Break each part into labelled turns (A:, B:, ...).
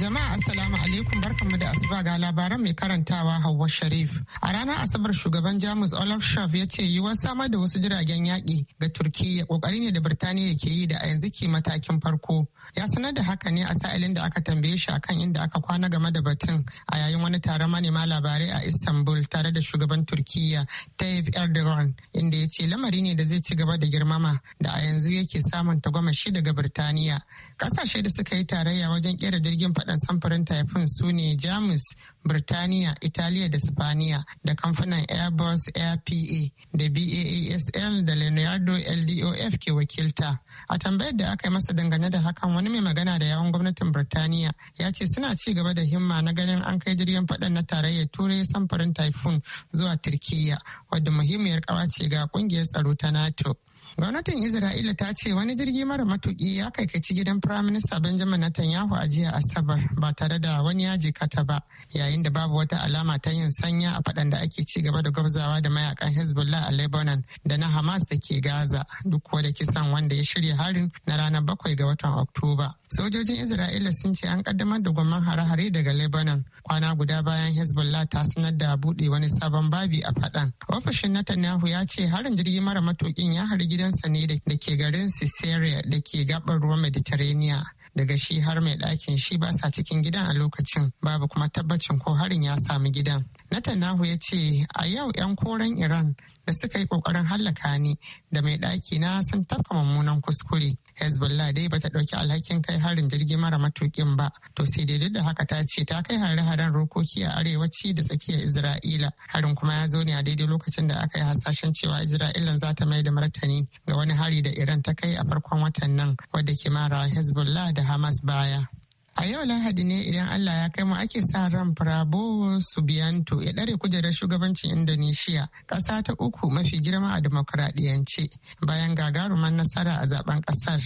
A: Jama'a Assalamu alaikum barkanmu da asuba ga labaran mai karantawa Hauwa Sharif. A ranar Asabar shugaban Jamus Olaf Scholz ya ce yiwuwar samar da wasu jiragen yaki ga Turkiyya kokari ne da Birtaniya ke yi da a yanzu ke matakin farko. Ya sanar da haka ne a sa'ilin da aka tambaye shi akan inda aka kwana game da batun a yayin wani taron manema labarai a Istanbul tare da shugaban Turkiyya Tayyip Erdogan inda ya ce lamari ne da zai ci gaba da girmama da a yanzu yake samun tagwamashi daga Birtaniya. Kasashe da suka yi tarayya wajen kera jirgin faɗa hada samfurin typhoon su ne jamus birtaniya italiya da spaniya da kamfanin airbus PA da baasl da leonardo ldof ke wakilta a tambayar da aka yi masa dangane da hakan wani mai magana da yawon gwamnatin birtaniya ya ce suna ci gaba da himma na ganin an kai jirgin faɗan na tarayyar turai samfurin typhoon zuwa turkiyya wadda muhimmiyar ce ga kungiyar tsaro ta nato Gwamnatin Isra'ila ta ce wani jirgi mara matuki ya kaikaci gidan Firaminista Benjamin Netanyahu a jiya Asabar ba tare da wani ya jikata ba yayin da babu wata alama ta yin sanya a faɗan da ake ci gaba da gwabzawa da mayakan Hezbollah a Lebanon da na Hamas da ke Gaza duk kuwa da kisan wanda ya shirya harin na ranar bakwai ga watan Oktoba. Sojojin Isra'ila sun ce an kaddamar da gwamman hare-hare daga Lebanon kwana guda bayan Hezbollah ta sanar da buɗe wani sabon babi a faɗan. Ofishin Netanyahu ya ce harin jirgi mara matukin ya hari gidansa ne da ke garin Caesarea da ke gabar ruwan Mediterranean. Daga shi har mai ɗakin shi ba sa cikin gidan a lokacin babu kuma tabbacin ko harin ya samu gidan. Netanyahu ya ce a yau 'yan koren Iran da suka yi kokarin hallaka ni da mai ɗaki na sun tafka mummunan kuskure hezbollah dai bata ɗauki alhakin kai harin jirgin mara matukin ba to sai dai duk da haka ta ce ta kai hare-haren rokoki a arewaci da tsakiyar isra'ila harin kuma ya zo ne a daidai lokacin da aka yi hasashen cewa isra'ilan za ta mai da martani ga wani hari da iran ta kai a farkon watan nan wadda ke mara hezbollah da hamas baya A yau Lahadi ne idan Allah ya kai mu ake sa ran Prabowo Subianto ya ɗare kujerar shugabancin Indonesia ƙasa ta uku mafi girma a demokuraɗiyance bayan gagaruman nasara a zaben kasar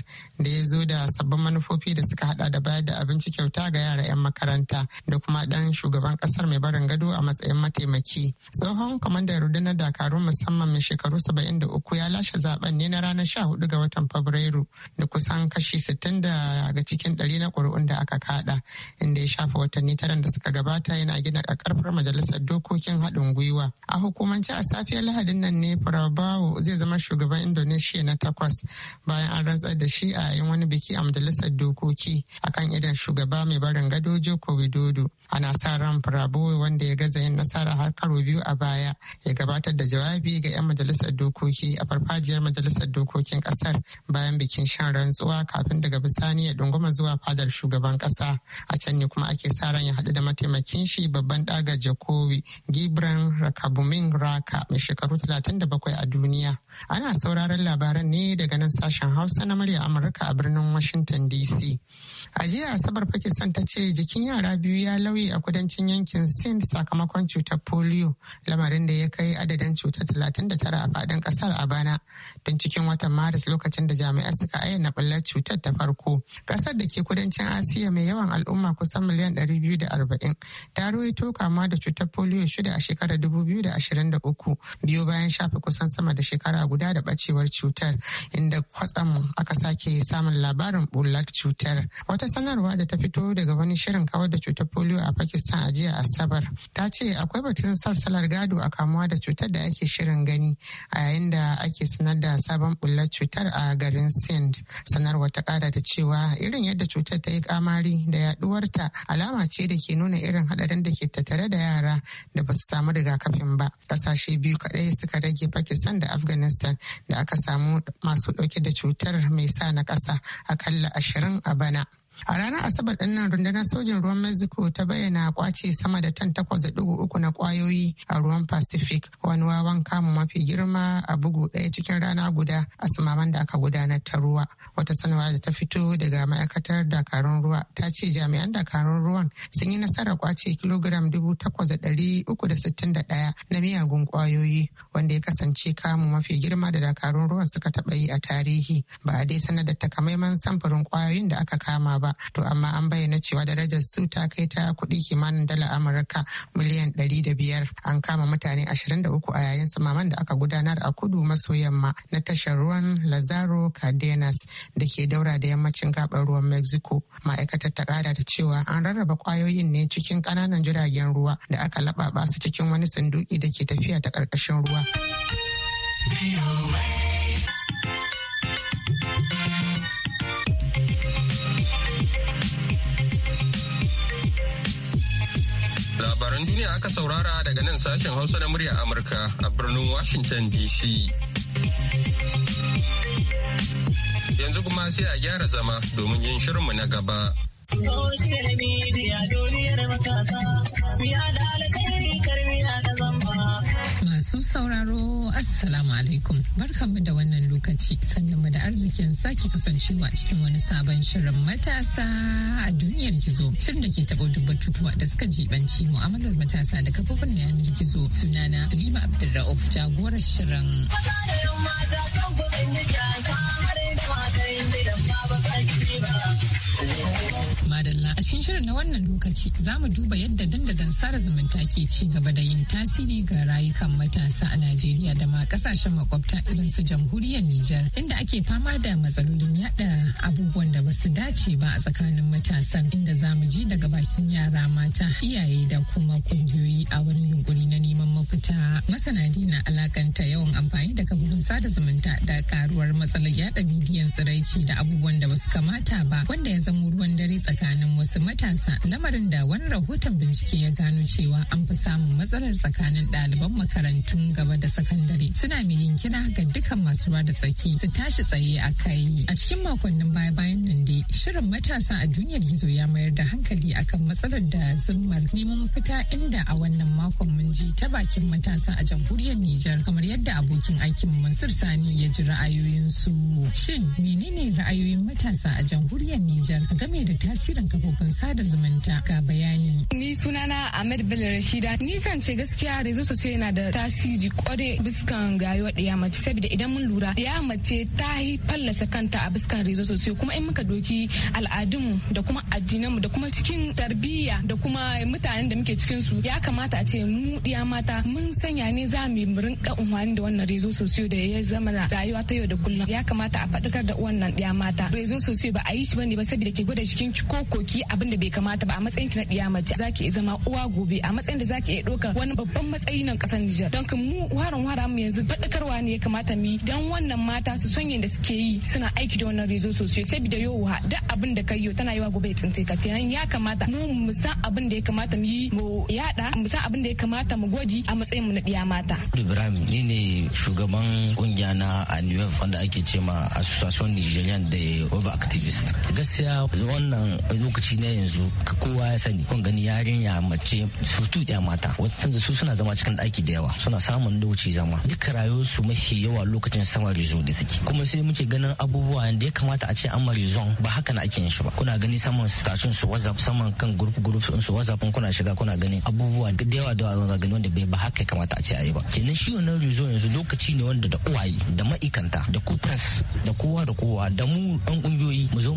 A: da ya zo da sabbin manufofi da suka hada da bayar da abinci kyauta ga yara 'yan makaranta da kuma ɗan shugaban ƙasar mai barin gado a matsayin mataimaki. Tsohon kwamandan rundunar dakarun musamman mai shekaru uku ya lashe zaben ne na ranar hudu ga watan Fabrairu da kusan kashi 60 daga cikin ɗari na ƙuri'un da aka aka kada inda ya shafa watanni taran da suka gabata yana gina karfar majalisar dokokin haɗin gwiwa a hukumance a safiyar lahadin nan ne prabowo zai zama shugaban indonesia na takwas bayan an rantsar da shi a yayin wani biki a majalisar dokoki akan idan shugaba mai barin gado joko widodo ana sa ran prabowo wanda ya gaza yin nasara har karo biyu a baya ya gabatar da jawabi ga 'yan majalisar dokoki a farfajiyar majalisar dokokin kasar bayan bikin shan rantsuwa kafin daga bisani ya dunguma zuwa fadar shugaban kasa a can ne kuma ake sa ran ya haɗu da mataimakin shi babban ɗaga jakowi gibran rakabumin raka mai shekaru 37 a duniya ana sauraron labaran ne daga nan sashen hausa na murya amurka a birnin washington dc A jiya Asabar Pakistan ta ce jikin yara biyu ya lauye a kudancin yankin sin sakamakon cutar polio lamarin da ya kai adadin cutar talatin da tara a fadin kasar a bana don cikin watan Maris lokacin da jami'a suka ayyana bullar cutar ta farko. Kasar da ke kudancin Asiya mai yawan al'umma kusan miliyan 240 ta ruwaito kama da cutar polio shida a shekarar 2023 biyu bayan shafe kusan sama da shekara guda da bacewar cutar inda kwatsam aka sake samun labarin bullar cutar. wata sanarwa da ta fito daga wani shirin kawar da cutar polio a pakistan a jiya asabar ta ce akwai batun salsalar gado a kamuwa da cutar da ake shirin gani a yayin da ake sanar da sabon bullar cutar a garin sind sanarwa ta kara da cewa irin yadda cutar ta yi kamari da yaduwarta alama ce da ke nuna irin hadarin da ke tattare da yara da ba su samu rigakafin ba kasashe biyu kadai suka rage pakistan da afghanistan da aka samu masu dauke da cutar mai sa na kasa akalla ashirin a bana A ranar Asabar ɗin nan rundunar sojin ruwan Mexico ta bayyana kwace sama da tan takwas uku na kwayoyi a ruwan Pacific wani wawan kamun mafi girma a bugu ɗaya cikin rana guda a samaman da aka gudanar ta ruwa. Wata sanarwa da ta fito daga ma'aikatar dakarun ruwa ta ce jami'an dakarun ruwan sun yi nasarar kwace kilogiram dubu takwas da ɗari uku da sittin da ɗaya na miyagun kwayoyi wanda ya kasance kamun mafi girma da dakarun ruwan suka taɓa yi a tarihi ba a dai sanar da takamaiman samfurin kwayoyin da aka kama ba to amma an bayyana cewa darajar su ta kai ta kuɗi kimanin dala amurka miliyan ɗari da biyar an kama mutane ashirin da uku a yayin samaman da aka gudanar a kudu maso yamma na tashar ruwan lazaro cardenas da ke daura da yammacin gaɓar ruwan mexico ma'aikatar ta kara da cewa an rarraba kwayoyin ne cikin ƙananan jiragen ruwa da aka laɓaɓa su cikin wani sanduki da ke tafiya ta ƙarƙashin ruwa.
B: Labaran duniya aka saurara daga nan sashen Hausa na murya Amurka a birnin Washington DC. Yanzu kuma sai a gyara zama domin yin shirinmu na gaba.
C: media duniyar matasa, da alkhairi a gaba.
D: Masu sauraro Assalamu alaikum barkanmu da wannan lokaci sannanmu da arzikin sake kasancewa cikin wani sabon shirin matasa a duniyar gizo shirin da ke taɓa duk batutuwa da suka jibanci mu'amalar matasa da kafofin yanar gizo sunana Halima Abdulra'uf jagorar shirin.
C: Maza da kan kuɗin jaka har da matan ba
D: Madalla a cikin shirin na wannan lokaci za mu duba yadda dandadan sada zumunta ke ci gaba da yin tasiri ga rayukan matasa a Najeriya da ma kasashen makwabta irin su jamhuriyar Nijar inda ake fama da matsalolin yada abubuwan da basu dace ba a tsakanin matasan inda za mu ji daga bakin yara mata iyaye da kuma kungiyoyi a wani yunkuri na neman mafita. Masana na alakanta yawan amfani da kafafen sada zumunta da karuwar matsalar yada bidiyon tsiraici da abubuwan da basu kamata wadata ba wanda ya zama ruwan dare tsakanin wasu matasa lamarin da wani rahoton bincike ya gano cewa an fi samun matsalar tsakanin ɗaliban makarantun gaba da sakandare suna mai yin kira ga dukkan masu ruwa da tsaki su tashi tsaye a kayi. a cikin makonnin baya bayan nan dai shirin matasa a duniyar gizo ya mayar da hankali akan matsalar da zimmar neman fita inda a wannan makon mun ji ta bakin matasa a jamhuriyar Nijar kamar yadda abokin aikin Mansur Sani ya ji ra'ayoyinsu shin menene ra'ayoyin matasa a jamhuriyar Nijar game da tasirin kafofin sada zumunta ga bayani.
E: Ni sunana Ahmed Bello Rashida. Ni san ce gaskiya rezo sosai yana da tasiri kware biskan rayuwar da mace saboda idan mun lura ya mace ta yi fallasa kanta a biskan rezo sosai kuma in muka doki al'adunmu da kuma addinanmu da kuma cikin tarbiyya da kuma mutanen da muke cikin su ya kamata a ce mu ɗaya mata mun sanya ne za mu rinka umarni da wannan rezo sosai da ya zama rayuwa ta yau da kullum ya kamata a faɗakar da wannan ɗaya mata rezo sosai ba a yi shi bane ba saboda ke gwada cikin ki ko koki abin da bai kamata ba a matsayin ki na diya mace zaki iya zama uwa gobe a matsayin da zaki iya doka wani babban matsayi nan ƙasar Nijar don mu waran wara mu yanzu faɗakarwa ne ya kamata mu yi don wannan mata su son yadda suke yi suna aiki da wannan rezo sosai saboda yowa duk abin da kai yo tana yawa gobe ya tsinte ka kenan ya kamata mu mu san abin da ya kamata mu yi mu yada mu san abin da ya kamata mu gwaji a matsayin mu na diya mata
F: Ibrahim ni ne shugaban kungiya na York wanda ake ce ma Association Nigerian de Over feminist gaskiya wannan lokaci na yanzu kowa ya sani kun gani yarinya mace surtu ya mata wata canza su suna zama cikin daki da yawa suna samun lokaci zama duka rayuwarsu mafi yawa lokacin sama rizo da suke kuma sai muke ganin abubuwa da ya kamata a ce an marizon ba haka na ake yin shi ba kuna gani saman station su whatsapp saman kan group group su whatsapp kuna shiga kuna gani abubuwa da yawa da yawa gani wanda bai ba haka ya kamata a ce ayi ba kenan shi wannan rizo yanzu lokaci ne wanda da uwaye da ma'aikanta da ku press da kowa da kowa da mu dan kungiyoyi mu zo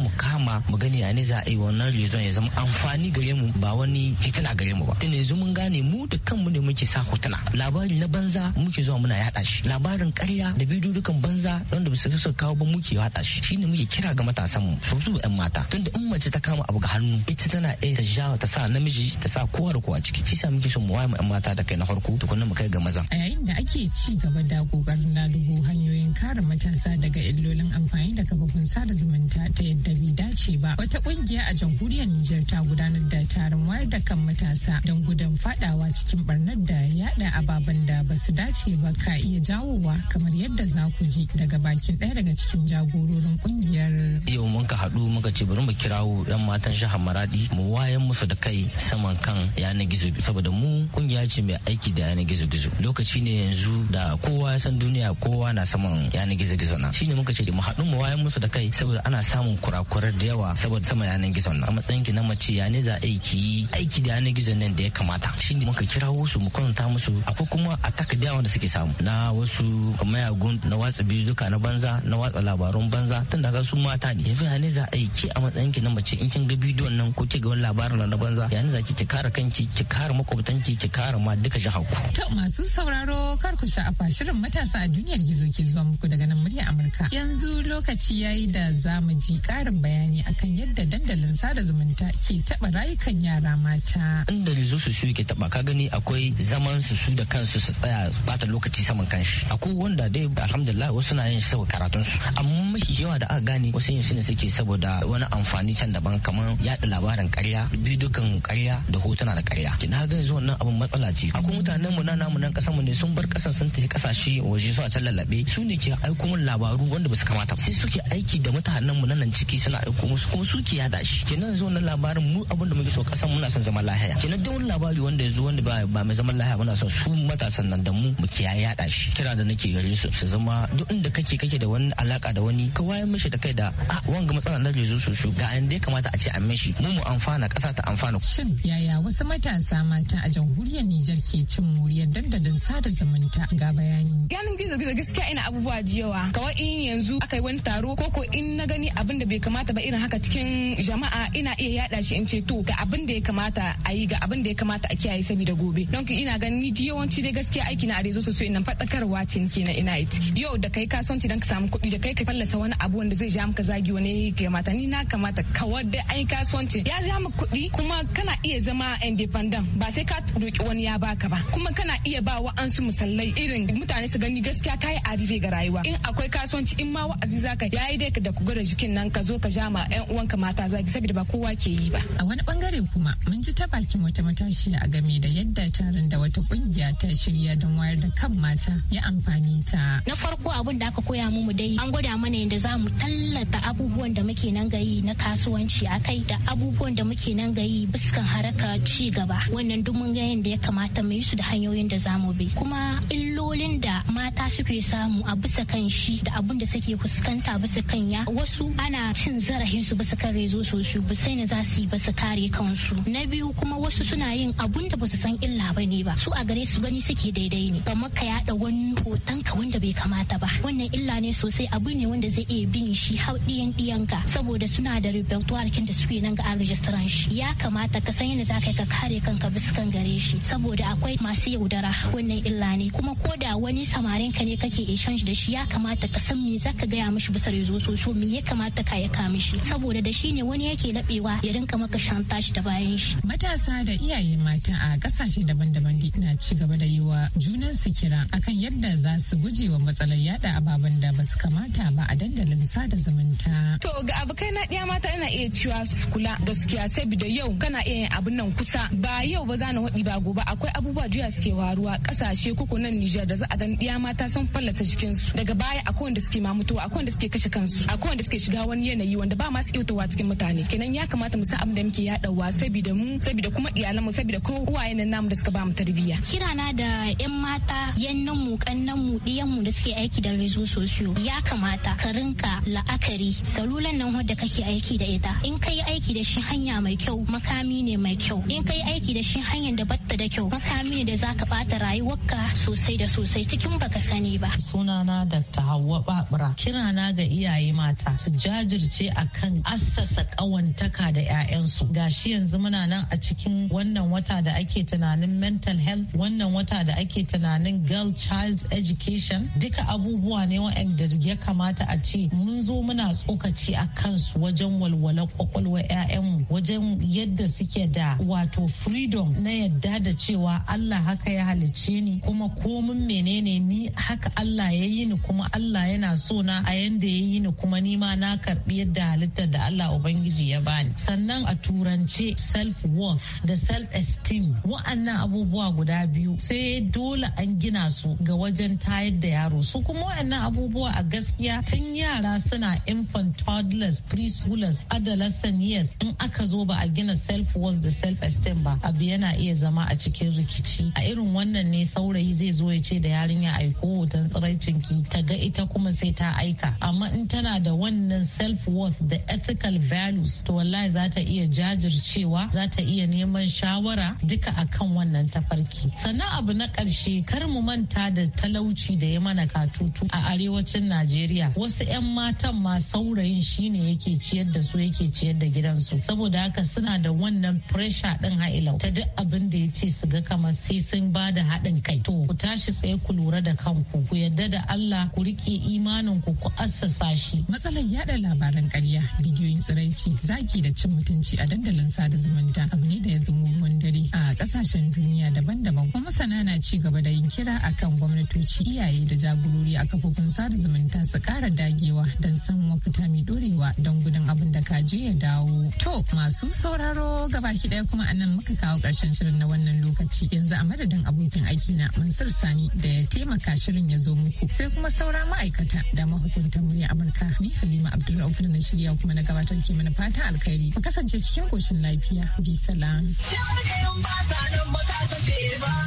F: mu gani a ne za a yi wannan rezon ya zama amfani gare mu ba wani hitina gare mu ba tun yanzu mun gane mu da kanmu ne muke sa hotuna labari na banza muke zuwa muna yada shi labarin karya da bidiyo dukan banza don da bisa suka kawo ba muke yada shi ne muke kira ga matasan mu su yan mata tun da in mace ta kama abu ga hannu ita tana iya ta jawo ta sa namiji ta sa kowa da kowa ciki shi sa muke son mu waye yan mata da kai na farko tukunna mu kai ga maza a
D: yayin da ake ci gaba da kokarin dubu hanyoyin kare matasa daga illolin amfani da kafofin sada zumunta ta yadda bai dace ce ba wata kungiya a jamhuriyar Nijar ta gudanar da taron wayar da kan matasa don gudun fadawa cikin barnar da yada ababan da ba su dace ba ka iya jawowa kamar yadda za ku ji daga bakin ɗaya daga cikin jagororin kungiyar.
F: Yau mun ka haɗu muka ce bari mu kirawo 'yan matan shahar Maradi mu wayan musu da kai saman kan yana gizo saboda mu kungiya ce mai aiki da yana gizo gizo lokaci ne yanzu da kowa ya san duniya kowa na saman yana gizo gizo na shine muka ce mu haɗu mu wayan musu da kai saboda ana samun kurakurar da yawa yawa saboda sama yanar gizon nan a matsayin ki na mace ya ne za aiki aiki da yanar gizon nan da ya kamata shi shine muka kirawo su mu kwanta musu akwai kuma a da wanda suke samu na wasu mayagun na watsa duka na banza na watsa labarun banza tun daga su mata ne yanzu ya ne za aiki a matsayin ki na mace in kin ga bidiyon nan ko ki ga wani labarin na banza ya ne za ki kare kanki ki kare makwabtanki ki kare ma duka jihar
D: To masu sauraro kar ku sha'afa shirin matasa a duniyar gizo ke zuwa muku daga nan murya Amurka. Yanzu lokaci yayi da za ji karin bayani akan yadda dandalin sada zumunta ke taba rayukan yara mata.
F: Inda rezo su ke taɓa ka gani akwai zaman su su da kansu su tsaya bata lokaci saman kanshi. Akwai wanda dai alhamdulillah wasu na yin saboda karatun su amma mafi yawa da aka gane wasu yin ne suke saboda wani amfani can daban kamar yaɗa labarin bi bidiyon karya da hotuna da karya na ga yanzu wannan abin matsala ce. Akwai mutanen mu na namu nan kasan mu ne sun bar kasan sun tafi kasashe waje su a can lallabe. su ne ke aiko labaru wanda ba su kamata. ba. Sai suke aiki da mutanen mu nan ciki suna aiko ko su ke yada shi kenan yanzu na labarin mu abinda muke so kasan muna son zaman lahiya kenan duk wani labari wanda ya zo wanda ba mai zaman lahiya muna son su matasan nan da mu mu ke yada shi kira da nake gare su su zama duk inda kake kake da wani alaka da wani ka waye mishi da kai da a wanga matsala na rezo su su ga inda ya kamata a ce an mishi mu mu amfana kasa ta amfana shin
D: yaya wasu matasa mata a jamhuriyar Nijar ke cin muriyar dandalin sada zumunta ga bayani
E: ganin gizo gizo gaskiya ina abubuwa jiyawa kawai in yanzu aka wani taro ko ko in na gani abin bai kamata ba irin irin haka cikin jama'a ina iya yada shi in ce to ga abin da ya kamata a yi ga abin da ya kamata a kiyaye saboda gobe don ina ganin ni yawanci dai gaskiya aiki na arezo sosai ina fadakarwa ce nake na ina yi yau da kai kasuwanci dan ka samu kuɗi da kai ka fallasa wani abu wanda zai ja maka zagi wani ya mata ni na kamata kawar da ai kasuwanci ya ja maka kuɗi kuma kana iya zama independent ba sai ka roki wani ya baka ba kuma kana iya ba wa'ansu musallai irin mutane su gani gaskiya ka yi arife ga rayuwa in akwai kasuwanci in ma wa'azi zaka yayi dai ka da ku gwada jikin nan ka zo ka ja ma yan uwanka mata zagi saboda ba kowa ke yi ba a wani
D: bangare kuma mun ji ta bakin wata matashi a game da yadda taron da wata kungiya ta shirya don wayar da kan mata ya
C: amfani ta na farko abin da aka koya mu dai an gwada mana yadda za mu tallata abubuwan da muke nan gayi na kasuwanci a kai da abubuwan da muke nan gayi biskan haraka ci gaba wannan duk mun ga yadda ya kamata mu yi su da hanyoyin da za mu bi kuma illolin da mata suke samu a bisa kan shi da abun da suke fuskanta bisa kan ya wasu ana cin zarafi bin su basu kare zo su ba sai ne za su yi basu kare kansu na biyu kuma wasu suna yin abun da basu san illa ba ne ba su a gare su gani suke daidai ne kamar ka yada wani hoton ka wanda bai kamata ba wannan illa ne sosai abu ne wanda zai iya bin shi har diyan diyanka saboda suna da repertoire kin da suke nan ga a registrar shi ya kamata ka san yadda za ka ka kare kanka bisa kan gare shi saboda akwai masu yaudara wannan illa ne kuma ko da wani samarin ka ne kake exchange da shi ya kamata ka san me za ka gaya mishi bisa rezo so me ya kamata ka ya mishi saboda da shi ne wani yake naɓewa ya rinka maka shantashi da bayan shi.
D: Matasa da iyaye mata a kasashe daban-daban na ci gaba da yi wa junansu kira akan yadda za su guje wa matsalar yada ababen da ba su kamata ba a dandalin
E: sada zumunta. To ga abokai na ɗiya mata ina iya cewa su kula gaskiya da yau kana iya yin abin nan kusa ba yau ba za na waɗi ba gobe akwai abubuwa juya suke waruwa ƙasashe koko nan Nijar da za a gani ɗiya mata sun fallasa jikinsu daga baya akwai wanda suke mamutuwa akwai wanda suke kashe kansu akwai wanda suke shiga wani yanayi wanda ba masu iwatawa cikin mutane kenan ya kamata mu sa abin da muke yadawa saboda mu saboda kuma iyalan mu saboda kuma uwaye nan namu da suka ba mu tarbiyya
C: kirana da yan mata yannanmu mu kannan mu diyan mu da suke aiki da rezo sosiyo ya kamata ka rinka la'akari salulan nan wanda kake aiki da ita in kai aiki da shi hanya mai kyau makami ne mai kyau in kai aiki da shi hanyar da batta da kyau makami ne da zaka bata rayuwarka sosai da sosai cikin baka sani ba
G: sunana da hawa babura
C: kirana ga iyaye
G: mata su jajirce akan kan assasa ƙawantaka da 'ya'yansu ga shi yanzu muna nan a cikin wannan wata da ake tunanin mental health wannan wata da ake tunanin girl child education duka abubuwa ne waɗanda ya kamata a ce mun zo muna tsokaci a kansu wajen walwala kwakwalwa 'ya'yanmu wajen yadda suke da wato freedom na yadda da cewa Allah haka ya halicce ni kuma komin menene ni haka Allah ya yi ni kuma Allah yana so na a yanda ya yi ni kuma ni ma na karbi yadda halitta halittar da Allah Ubangiji ya bani sannan a turance self worth da self esteem wa'annan abubuwa guda biyu sai dole an gina su ga wajen tayar da yaro su kuma wa'annan abubuwa a gaskiya tun yara suna infant toddlers preschoolers adolescent years in aka zo ba a gina self worth da self esteem ba abu yana iya zama a cikin rikici a irin wannan ne saurayi zai zo ya ce da yarinya aiko hoton ki ta ga ita kuma sai ta aika amma in tana da wannan self worth da da ethical values to wallahi za ta iya jajircewa za ta iya neman shawara duka akan wannan tafarki sannan abu na ƙarshe kar mu manta da talauci da ya mana katutu a arewacin najeriya wasu 'yan matan ma saurayin shine yake ciyar da su yake ciyar da gidansu saboda haka suna da wannan pressure din ha'ilau ta duk abin da ya ce su ga kamar sai sun ba da haɗin kai to ku tashi
D: tsaye ku lura da kanku ku yarda da Allah ku rike imanin ku ku assasa shi matsalar yada labaran ƙarya bidiyoyin tsiraici zaki da cin mutunci a dandalin sada zumunta abu ne da ya zama ruwan dare kasashen duniya daban-daban kuma masana na ci gaba da yin kira akan gwamnatoci iyaye da jagorori a kafofin sada zumunta su kara dagewa don samun mafita mai dorewa don gudun abin da kaje ya dawo. To masu sauraro gaba ki ɗaya kuma anan muka kawo ƙarshen shirin na wannan lokaci yanzu a madadin abokin aiki na Mansur Sani da ya taimaka shirin ya zo muku sai kuma saura ma'aikata da mahukuntan murya Amurka ni Halima Abdulrauf na shirya kuma na gabatar ke mana fatan alkhairi mu kasance cikin koshin lafiya bi salam.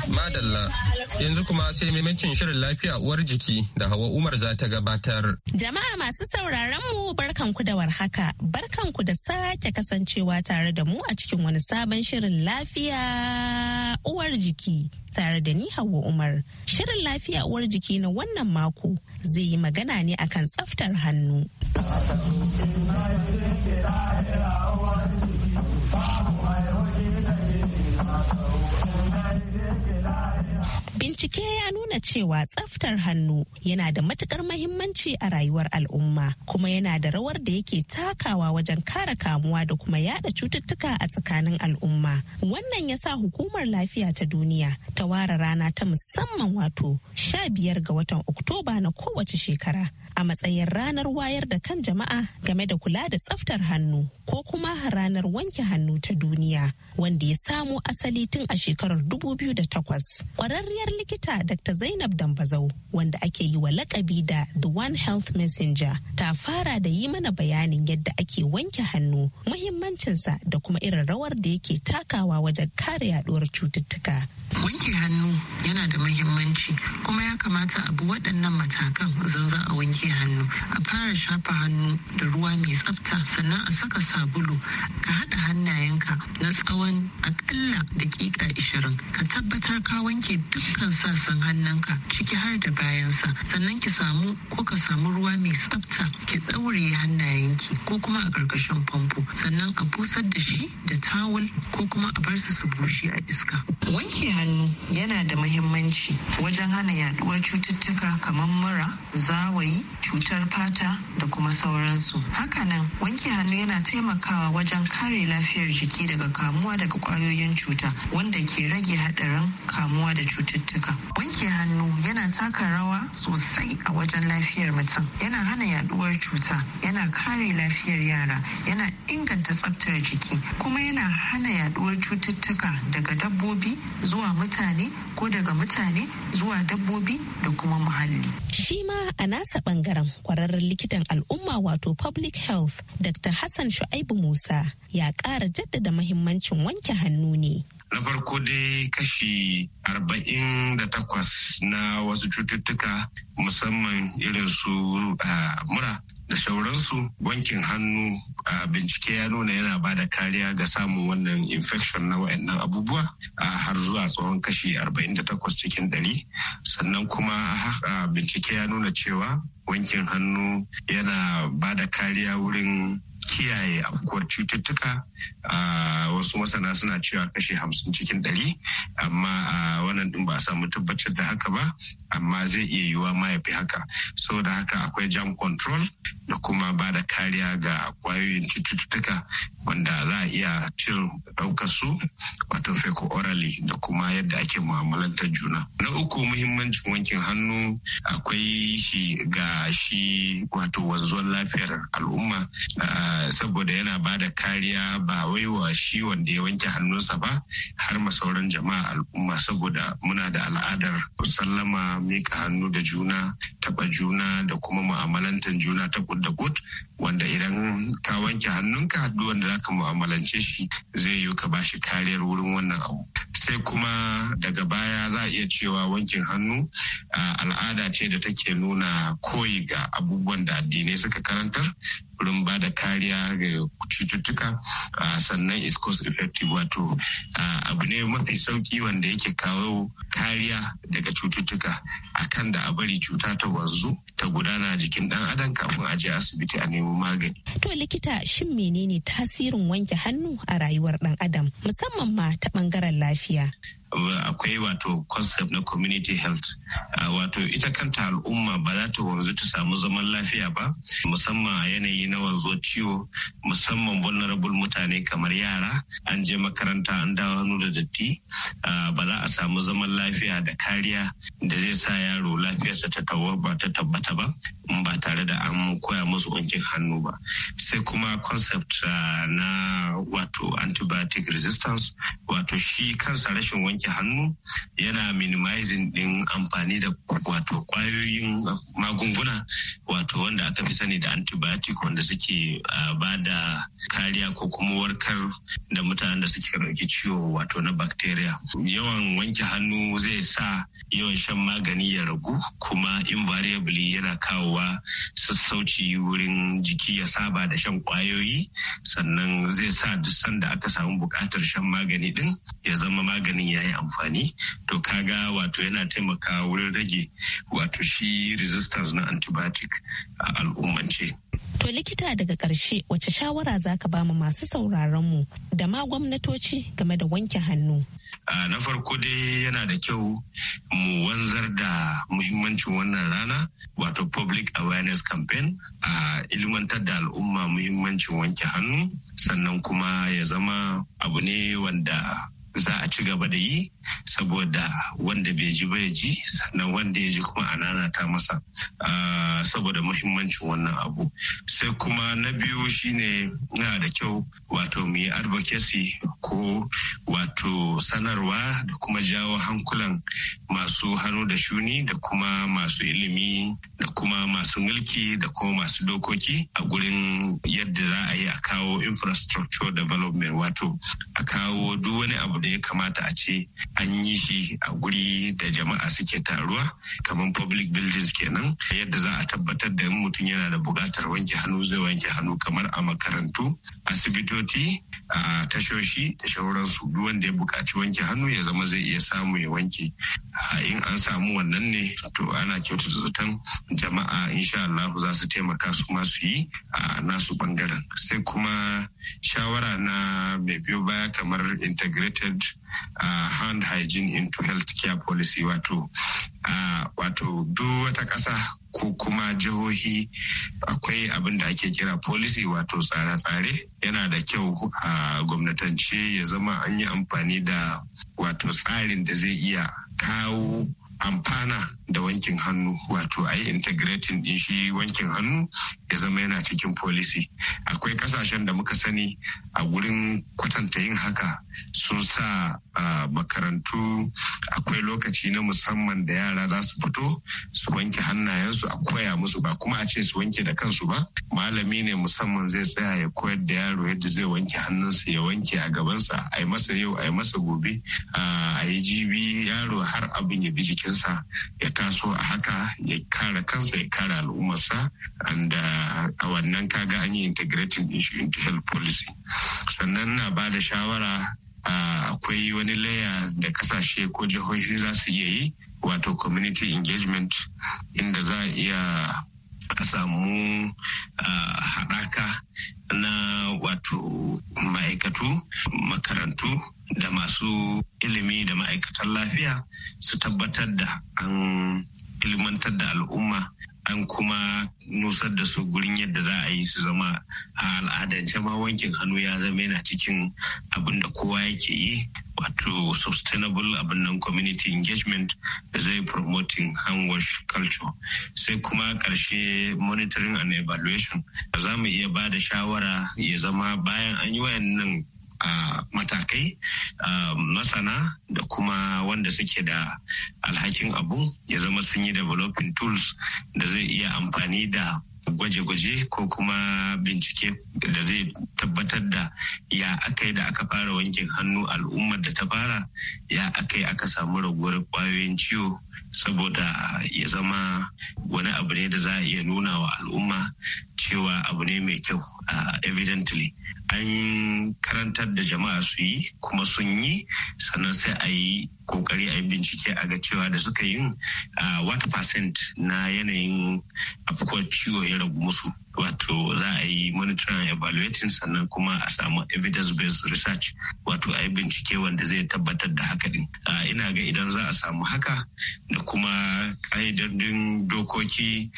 C: Madalla yanzu kuma
B: sai maimacin shirin lafiya uwar jiki da hawa Umar za ta gabatar.
H: Jama'a masu sauraron mu barkanku da warhaka, barkanku da sake kasancewa tare da mu a cikin wani sabon shirin lafiya uwar jiki tare da ni Hauwa Umar. Shirin lafiya uwar jiki na wannan mako zai yi magana ne akan tsaftar hannu. Bincike ya nuna cewa tsaftar hannu yana da matukar mahimmanci a rayuwar al'umma kuma yana da rawar da yake takawa wajen kare kamuwa da kuma yada cututtuka a tsakanin al'umma. Wannan ya sa hukumar lafiya ta duniya ta ware rana ta musamman wato sha biyar ga watan Oktoba na kowace shekara a matsayin ranar wayar da kan jama'a game da kula da tsaftar hannu ko kuma ranar wanke hannu ta duniya wanda ya samo asali tun a shekarar 2008. ƙwararriyar likita Dr. Zainab Dambazau wanda ake yi wa lakabi da The One Health Messenger ta fara da yi mana bayanin yadda ake wanke hannu, muhimmancinsa da kuma irin rawar da yake takawa wajen kare yaduwar cututtuka.
I: Wanke hannu yana da muhimmanci kuma ya kamata abu waɗannan matakan zan za a wanke hannu. A fara shafa hannu da ruwa mai tsafta sannan a saka sabulu ka haɗa hannayenka na tsawon akalla dakika 20 ka tabbatar ka wanke dukkan sassan hannunka ciki har da bayansa sannan ki samu ko ka samu ruwa mai tsafta ki tsaure hannayenki ko kuma a ƙarƙashin famfo sannan a busar da shi da tawul ko kuma a bar su su bushe a iska. Wanke hannu yana da muhimmanci wajen hana yaduwar cututtuka kamar mura, zawayi, cutar fata da kuma sauransu. Hakanan wanke hannu yana taimakawa wajen kare lafiyar jiki daga kamuwa daga kwayoyin cuta. cuta wanda ke rage hadarin kamuwa da cututtuka. Wanke hannu yana taka rawa sosai a wajen lafiyar mutum, yana hana yaduwar cuta, yana kare lafiyar yara, yana inganta tsabtar jiki, kuma yana hana yaduwar cututtuka daga dabbobi zuwa mutane ko daga mutane zuwa dabbobi da kuma muhalli. Shi ma a nasa bangaren kwararren likitan al'umma
J: wato
H: public health Dr. Hassan Shu'aibu Musa ya ƙara jaddada mahimmancin wanke hannu ne
J: na farko dai kashi arba'in da takwas na wasu cututtuka musamman irin su mura da sauransu wankin hannu a bincike ya nuna yana ba da kariya ga samun wannan infection na waɗannan abubuwa a har zuwa tsawon kashi 48 cikin 100 sannan kuma bincike ya nuna cewa wankin hannu yana ba da kariya wurin kiyaye afkuwar cututtuka wasu masana suna cewa kashi hamsin cikin ɗari amma wannan din ba a samu tabbatar da haka ba amma zai iya yiwuwa ma ma ya fi haka saboda haka akwai jam control da kuma ba da kariya ga kwayoyin cututtuka wanda za a iya cin ɗaukar su wato feko orally da kuma yadda ake mu'amalanta juna na uku muhimmancin wankin hannu akwai shi ga shi wato wanzuwar lafiyar al'umma saboda yana ba da kariya ba wai wa shi wanda ya wanke hannunsa ba har ma sauran jama'a al'umma saboda muna da al'adar sallama mika hannu da juna Taba taɓa juna da kuma mu'amalantar juna ta da gut wanda idan ka wanke hannunka duk wanda zaka mu'amalance shi zai yi ka bashi kariyar wurin wannan abu sai kuma daga baya za a iya cewa wankin hannu al'ada ce da take nuna koyi ga abubuwan da addinai suka karantar wurin ba da kariya ga cututtuka sannan is cost effective wato abu ne mafi sauki wanda yake kawo kariya daga cututtuka akan da a bari cuta ta wanzu ta gudana jikin dan adam kafin a je asibiti a nemo magani.
H: To likita shin menene tasirin wanke hannu a rayuwar dan adam musamman ma ta bangaren lafiya?
J: akwai wato concept na community health ah, wato ita kanta al'umma ba za ta wanzu ta samu zaman lafiya ba musamman yanayi na wanzo ciwo musamman vulnerable mutane kamar yara an je makaranta an dawo hannu da datti ah, ba za a samu zaman lafiya da kariya da zai sa yaro lafiyarsa ta ba ta tabbata ba ba tare da an koya musu wankin hannu ba sai kuma concept ah, na wato antibiotic resistance wato shi kansa rashin wanki. wanke hannu yana minimizing din amfani da wato kwayoyin magunguna wato wanda aka fi sani da antibiotic wanda suke ba da kariya ko kuma warkar da mutanen da suke ɗauki ciwo wato na bacteria yawan wanke hannu zai sa yawan shan magani ya ragu kuma invariably yana kawowa sassauci wurin jiki ya saba da shan kwayoyi sannan zai sa duk sanda aka samu bukatar shan magani din ya zama maganin ya yi amfani to kaga wato yana taimaka wurin rage wato shi resistance na antibiotic a al'ummance. To
H: likita daga ƙarshe wace shawara za ka ba mu masu sauraronmu da ma gwamnatoci game da wanke hannu?
J: Uh, na farko dai yana da kyau mu wanzar da muhimmancin wannan rana wato public awareness campaign a ilmantar da al'umma muhimmancin wanke hannu sannan kuma ya zama abu ne wanda za a ci gaba da yi saboda wanda bai ji bai ji sannan wanda ya ji kuma a nanata masa saboda muhimmancin wannan abu sai kuma na biyu shine na da kyau wato mu yi advocacy ko wato sanarwa da kuma jawo hankulan masu hannu da shuni da kuma masu ilimi da kuma masu mulki da kuma masu dokoki a gurin yadda za a yi a kawo infrastructure development wato a kawo duk wani abu da ya kamata a ce an yi shi a guri da jama'a suke taruwa kamar public buildings kenan yadda za a tabbatar da in mutum yana da buƙatar wanke hannu zai wanke hannu kamar a makarantu asibitoci a tashoshi da shauransu duk wanda ya buƙaci wanke hannu ya zama zai iya samu ya wanke in an samu wannan ne to ana kyautata zaton jama'a insha Allah za su taimaka su ma su yi a nasu bangaren sai kuma shawara na mai biyo baya kamar integrated integrated uh, hand hygiene into healthcare policy wato uh, wato duk wata kasa ko kuma jihohi akwai abin da ake kira policy wato tsare-tsare yana da kyau a gwamnatance ya zama an yi amfani da wato tsarin da zai iya kawo amfana da wankin hannu wato a yi integrating din shi wankin hannu ya zama yana cikin policy akwai kasashen da muka sani a wurin kwatanta yin haka sun sa makarantu akwai lokaci na musamman da yara za su fito su wanke hannayensu a koya musu ba kuma a ce su wanke da kansu ba malami ne musamman zai tsaya ya koyar da yaro yadda zai wanke hannunsa ya wanke a gabansa a yi masa yau a yi masa gobe a yi jibi yaro har abin ya bi jikinsa ya taso a haka ya kare kansa ya kare al'ummarsa and uh, a wannan kaga an yi integrating issue into health policy sannan na ba da shawara uh, akwai wani laya da kasashe ko jihohi za su iya yi wato community engagement inda za a iya a samu uh, haɗaka na wato ma'aikatu makarantu da masu ilimi da ma'aikatan lafiya su tabbatar da an ilmantar da al'umma an kuma nusar da su gurin yadda za a yi su zama a al'adance ma wankin hannu ya zama yana cikin abin da kowa yake yi wato sustainable abin nan community engagement da zai promoting hand wash culture sai kuma karshe monitoring and evaluation za mu iya ba da shawara ya zama bayan an yi wayannan a matakai um, masana da kuma wanda suke da alhakin abu ya zama sun yi developing tools da zai iya amfani da gwaje-gwaje ko kuma bincike da zai tabbatar da ya aka da aka fara wankin hannu al'ummar da ta fara ya akai aka samu raguwar kwayoyin ciwo saboda ya zama wani abu ne da za a iya nuna wa al'umma cewa abu ne mai kyau uh, evidently an karantar da jama'a su yi kuma sun yi sannan sai a yi kokari a yi bincike a ga cewa da suka yi wata percent na yanayin afkuwar ciwo ya ragu musu wato za a yi monitoring evaluating sannan kuma a samu evidence based research wato a yi bincike wanda zai tabbatar da haka din ina ga idan za a samu haka da kuma ƙa'idodin dokoki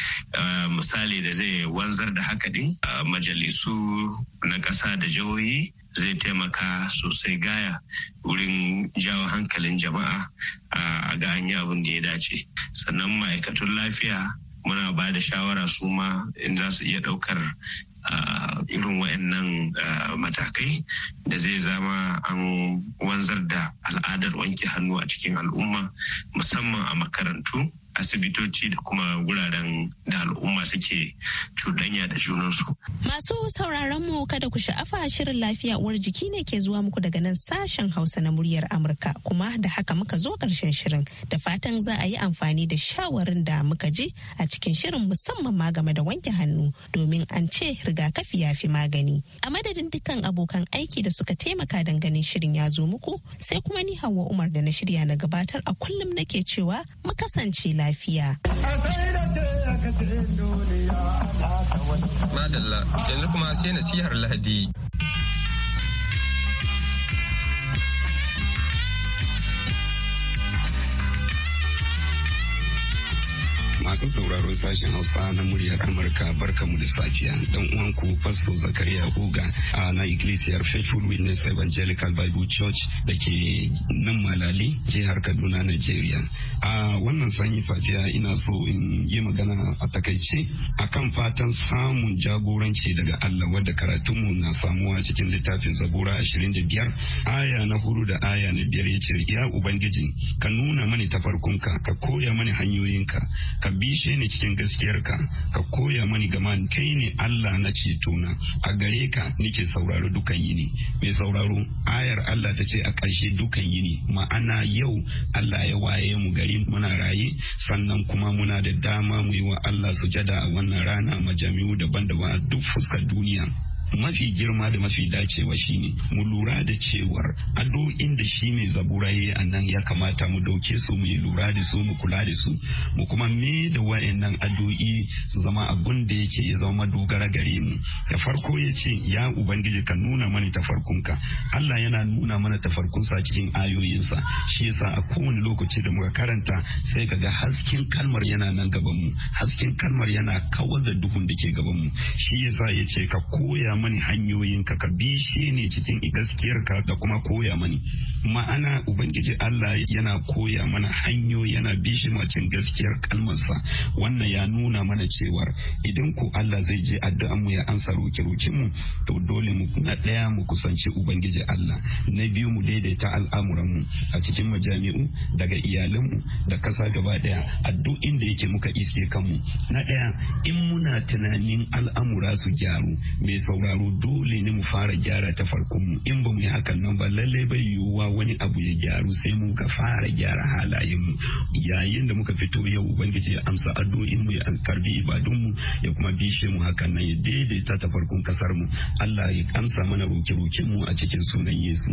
J: misali da zai wanzar da haka din majalisu na ƙasa da jihohi zai taimaka sosai gaya wurin jawo hankalin jama'a a ga an yi abin da ya dace sannan ma'aikatun lafiya muna ba da shawara su ma in za su iya ɗaukar irin waɗannan matakai da zai zama an wanzar da al'adar wanke hannu a cikin al'umma musamman a makarantu asibitoci da kuma wuraren da al'umma suke cuɗanya da junansu.
H: Masu sauraron mu kada ku sha'afa shirin lafiya uwar jiki ne ke zuwa muku daga nan sashen Hausa na muryar Amurka kuma da haka muka zo ƙarshen shirin da fatan za a yi amfani da shawarin da muka ji a cikin shirin musamman ma game da wanke hannu domin an ce rigakafi ya fi magani. A madadin dukkan abokan aiki da suka taimaka don shirin ya zo muku sai kuma ni Hauwa Umar da na shirya na gabatar a kullum nake cewa mu kasance
I: lafiya.
B: Madalla yanzu kuma sai nasihar Lahadi.
K: masu sauraron sashen hausa na muryar amurka barkamu da safiya uwan ku pastor zakariya oga a na iglesiyar faithful witness evangelical bible church da ke nan jihar kaduna nigeria a wannan sanyi safiya ina so in yi magana a takaice a kan fatan samun jagoranci daga allah wadda karatunmu na samuwa cikin littafin zabura ashirin da biyar aya na hudu da aya na biyar ya ce ya ubangiji ka nuna mani tafarkunka ka koya mani hanyoyinka ka bishe ni cikin gaskiyarka ka koya mani gama kai ne allah na cetona a gare ka nake sauraro dukan yini mai sauraro ayar allah ta ce a ƙarshe dukan yini ma'ana yau Allah ya waye mu gari muna raye sannan kuma muna da dama mu yi wa Allah sujada a wannan rana majami'u daban-daban a duk fuskar duniya. mafi girma da mafi dacewa shine mu lura da cewar addu'o'in da shi mai zabura a nan ya kamata mu dauke su mu lura da su mu kula da su mu kuma me da nan addu'o'i su zama abun da yake ya zama dogara gare mu da farko ya ce ya ubangiji ka nuna mana tafarkunka Allah yana nuna mana tafarkunsa cikin ayoyinsa shi yasa a kowane lokaci da muka karanta sai kaga hasken kalmar yana nan gaban mu hasken kalmar yana kawar da duhun da ke gaban mu shi yasa ya ce ka koya mani hanyoyin ka ka bishe ne cikin gaskiyar ka da kuma koya mani ma'ana ubangiji Allah yana koya mana hanyoyi yana bishe mu gaskiyar kalmarsa wannan ya nuna mana cewar idan ko Allah zai je addu'an mu ya ansa roki rokin mu to dole mu na daya mu kusanci ubangiji Allah na biyu mu daidaita al'amuran mu a cikin majami'u daga iyalan mu da kasa gaba daya a duk inda yake muka iske kanmu na daya in muna tunanin al'amura su gyaru mai saura sauraro dole ne mu fara gyara ta farkon mu in ba mu yi hakan nan ba lallai bai yiwuwa wani abu ya gyaru sai mu ka fara gyara halayen mu yayin da muka fito yau ubangiji ya amsa addu'o'in mu ya karbi ibadun mu ya kuma bishe mu hakan nan ya daidaita ta farkon kasar mu Allah ya amsa mana roke-roken mu a cikin sunan Yesu.